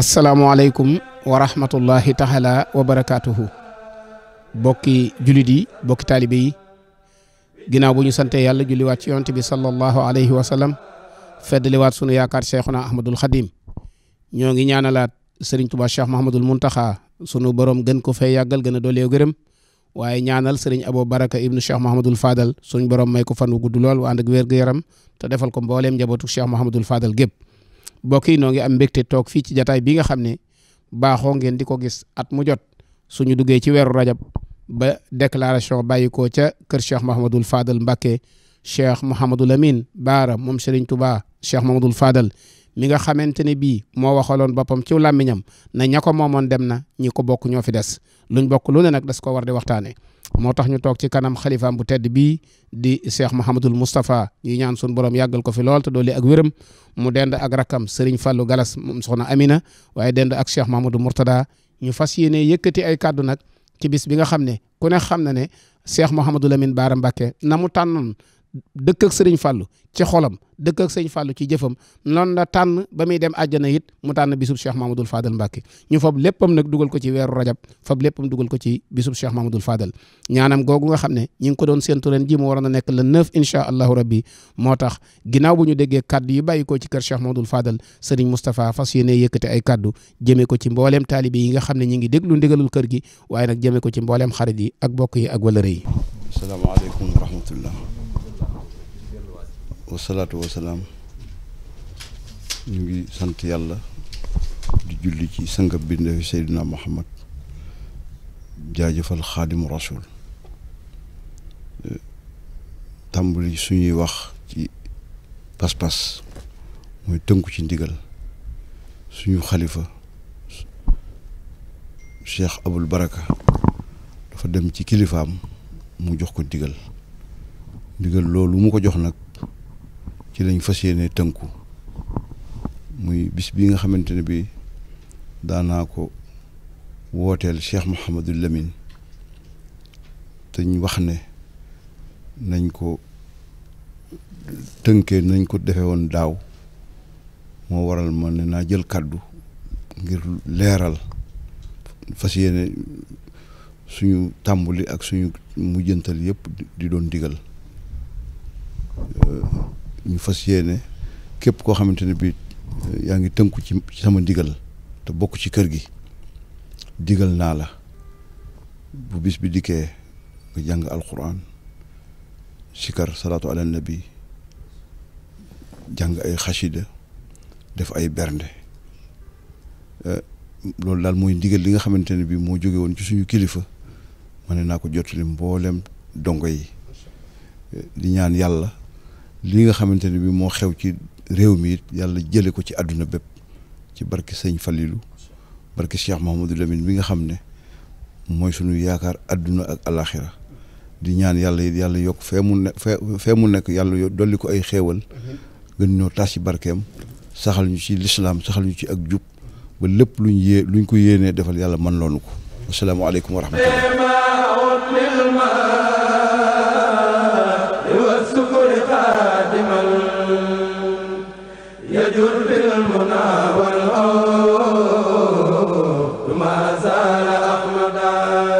asalaamualeykum wa rahmatullahi taala wa barakaatuhu bokki jullit yi bokki taalibe yi ginnaaw bu ñu santee yàlla julliwaat ci yonte bi sallallahu alayhi wa sallam waat sunu yaakaar cheikhuna ahmadul xadim ñoo ngi ñaanalaat sëriñ tuba cheikh mahamadul muntaxa sunu borom gën ko fay yàggal gën a dooleew gërëm waaye ñaanal sëriñ abo baraka ibnu cheikh mahamadul fadal suñ borom may ko fan wu gudd lool wa ànd ak wér gu yaram te defal ko mbooleem njabootu cheikh mahamadul fadal gépp mbokk yi noo ngi am mbégte toog fii ci jataay bi nga xam ne baaxoo ngeen di ko gis at mu jot suñu duggee ci weeru rajab ba déclaration bàyyi ko ca kër cheikh Mahamadul Fadal mbake cheikh Mouhamadul Amin Baara moom Serigne Touba cheikh Mahamadul Fadal mi nga xamante ne bii moo waxooloon boppam ci làmmiñam na ña ko moomoon dem na ñi ko bokk ñoo fi des luñ bokk lu ne nag des ko war di waxtaane moo tax ñu toog ci kanam xalifaam bu tedd bii di Cheikh Mouhamadul Moustapha yi ñaan sun borom yàggal ko fi lool te doole ak wéram mu dend ak rakam Serigne Fallou Galas moom soxna Amina waaye dend ak Cheikh Mouhamadou Mourtada ñu fas yéene yëkkati ay kàddu nag ci bis bi nga xam ne ku ne xam na ne Cheikh Mouhamadou Lamine Bara Mbacké na mu tànnoon dëkk ak sëriñ fàllu ci xolam dëkk ak sëriñ fallu ci jëfam noonu la tànn ba muy dem àjjana it mu tànn bisub Cheikh Mamadou Fadal Mbacke ñu fab léppam nag dugal ko ci weeru rajab fab léppam dugal ko ci bisub Cheikh Mamadou Fadal ñaanam googu nga xam ne ñi ngi ko doon séentu ren ji mu waroon a nekk le neuf incha allahu rabbi moo tax ginnaaw bu ñu déggee kaddu yi bàyyi ko ci kër Cheikh Mamadou Fadal sëriñ Moustapha fas yéene yëkkate ay kaddu jëmee ko ci mbooleem taalibe yi nga xam ne ñi ngi déglu ndigalul kër gi waaye nag jëmee ci mbooleem xarit yi ak bokk yi ak wëlëre yi asalaamaaleykum wa rahmatullah wasalaatu wasalaam ñu ngi sant yàlla di julli ci sanga bindeefi Seydina Muhammad jaajëfal xaadimu rasul tàmbali suñuy wax ci pas-pas mooy tënku ci ndigal suñu xalifa cheikh abul baraka dafa dem ci kilifaam mu jox ko ndigal ndigal loolu mu ko jox nag ci lañ fas yéene tënku muy bis bi nga xamante ne bi daanaa ko wooteel Cheikh Mouhamadul Lamine te ñu wax ne nañ ko tënkee nañ ko defe woon daaw moo waral ma ne naa jël kàddu ngir leeral fas yéene suñu tàmbuli ak suñu mujjantal yëpp di doon digal ñu fas yéene képp koo xamante ne bii euh, yaa ngi tënku ci sama ndigal te bokk ci kër gi digal naa la bu bis bi dikkee nga jàng alxuraan sikar salaatu ala nabi jàng ay xasida def ay bernde euh, loolu daal mooy ndigal li nga xamante ne bii moo jóge woon ci suñu kilifa ma ne naa ko jottali mboolem dongo yi euh, di ñaan yàlla li nga xamante ne bi moo xew ci réew mi it yàlla jële ko ci àdduna bépp ci barke sëñ Falilou barke Cheikh Mahamadou Lamine mi nga xam ne mooy sunu yaakaar àdduna ak alaxira di ñaan yàlla it yàlla yokk fee mu nekk yàlla dolli ko ay xéewal gën ñoo taas ci barkeem saxal ñu ci lislaam saxal ñu ci ak jub ba lépp luñ yée luñ ko yéenee defal yàlla man loonu ko asalaamaaleykum wa rahmatullah يجر بالمنى والعود ما زال أحمدا